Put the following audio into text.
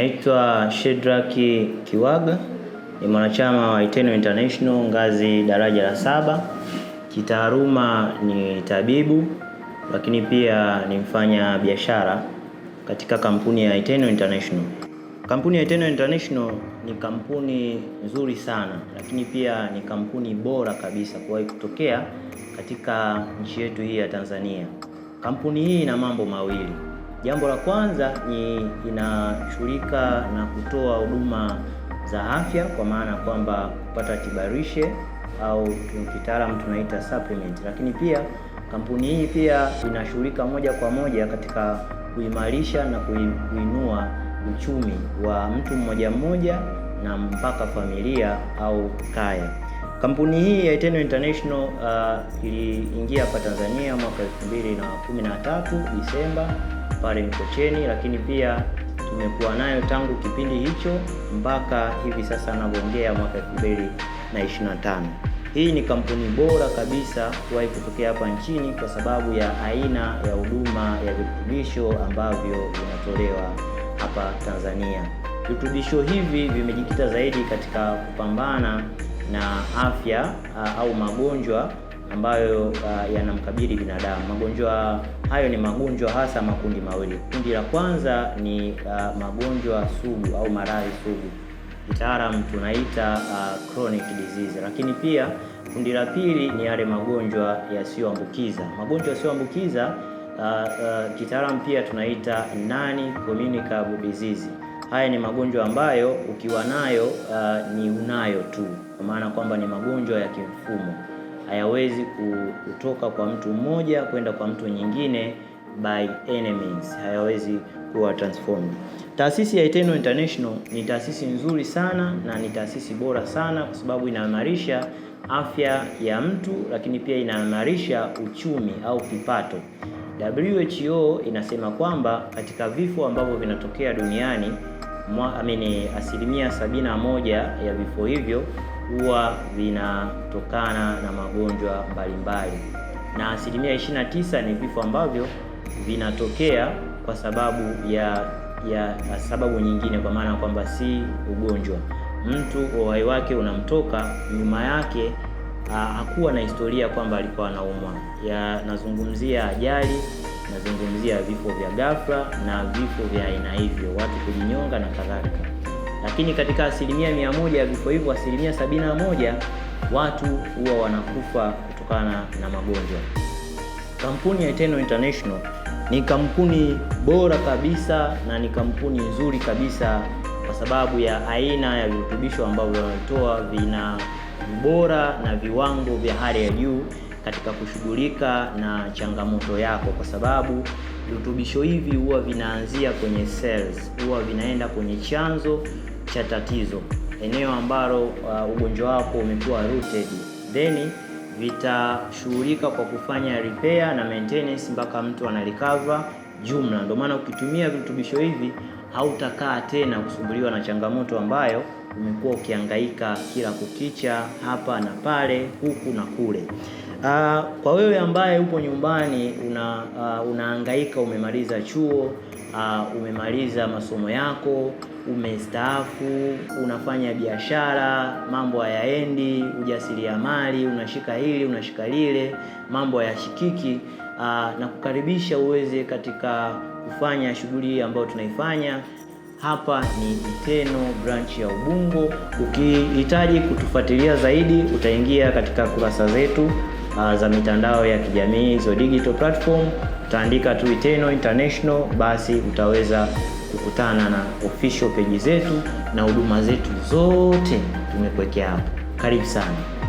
Naitwa Shedraki Kiwaga, ni mwanachama wa iteno International ngazi daraja la saba. Kitaaluma ni tabibu, lakini pia ni mfanya biashara katika kampuni ya iteno International. Kampuni ya Iteno International ni kampuni nzuri sana, lakini pia ni kampuni bora kabisa kuwahi kutokea katika nchi yetu hii ya Tanzania. Kampuni hii ina mambo mawili. Jambo la kwanza ni inashughulika na kutoa huduma za afya kwa maana kwamba kupata tibarishe au kitaalamu tunaita supplement, lakini pia kampuni hii pia inashughulika moja kwa moja katika kuimarisha na kuinua uchumi wa mtu mmoja mmoja na mpaka familia au kaya. Kampuni hii ya Iteno International uh, iliingia hapa Tanzania mwaka 2013 Disemba pale Mikocheni, lakini pia tumekuwa nayo tangu kipindi hicho mpaka hivi sasa anavyoongea mwaka 2025. Hii ni kampuni bora kabisa kuwahi kutokea hapa nchini kwa sababu ya aina ya huduma ya virutubisho ambavyo vinatolewa hapa Tanzania. Virutubisho hivi vimejikita zaidi katika kupambana na afya au magonjwa ambayo uh, yanamkabili binadamu. Magonjwa hayo ni magonjwa hasa makundi mawili. Kundi la kwanza ni uh, magonjwa sugu au maradhi sugu, kitaalam tunaita uh, chronic disease, lakini pia kundi la pili ni yale magonjwa yasiyoambukiza. Magonjwa yasiyoambukiza uh, uh, kitaalam pia tunaita non communicable disease. Haya ni magonjwa ambayo ukiwa nayo uh, ni unayo tu, kwa maana kwamba ni magonjwa ya kimfumo hayawezi kutoka kwa mtu mmoja kwenda kwa mtu nyingine by enemies, hayawezi kuwa transformed. Taasisi ya Eternal International ni taasisi nzuri sana na ni taasisi bora sana kwa sababu inaimarisha afya ya mtu, lakini pia inaimarisha uchumi au kipato. WHO inasema kwamba katika vifo ambavyo vinatokea duniani mwa, I asilimia 71 ya vifo hivyo huwa vinatokana na magonjwa mbalimbali, na asilimia 29 ni vifo ambavyo vinatokea kwa sababu ya, ya sababu nyingine, kwa maana kwamba si ugonjwa. Mtu uhai wake unamtoka, nyuma yake hakuwa na historia kwamba alikuwa anaumwa. Nazungumzia ajali, nazungumzia vifo vya ghafla na vifo vya aina hivyo, watu kujinyonga na kadhalika lakini katika asilimia mia moja ya vifo hivyo, asilimia sabini na moja watu huwa wanakufa kutokana na magonjwa. Kampuni ya Eternal International ni kampuni bora kabisa na ni kampuni nzuri kabisa kwa sababu ya aina ya virutubisho ambavyo wanatoa, vina ubora na viwango vya hali ya juu katika kushughulika na changamoto yako, kwa sababu virutubisho hivi huwa vinaanzia kwenye cells, huwa vinaenda kwenye chanzo cha tatizo, eneo ambalo uh, ugonjwa wako umekuwa rooted, then vitashughulika kwa kufanya repair na maintenance mpaka mtu analikava jumla. Ndio maana ukitumia virutubisho hivi hautakaa tena kusumbuliwa na changamoto ambayo umekuwa ukihangaika kila kukicha hapa na pale huku na kule. Uh, kwa wewe ambaye upo nyumbani una uh, unahangaika umemaliza chuo uh, umemaliza masomo yako, umestaafu, unafanya biashara, mambo hayaendi, ujasiriamali, unashika hili unashika lile, mambo hayashikiki, uh, ah, na kukaribisha uweze katika kufanya shughuli hii ambayo tunaifanya hapa ni Iteno branch ya Ubungo. Ukihitaji kutufuatilia zaidi, utaingia katika kurasa zetu uh, za mitandao ya kijamii hizo digital platform, utaandika tu iteno International, basi utaweza kukutana na official page zetu na huduma zetu zote tumekuwekea hapo. Karibu sana.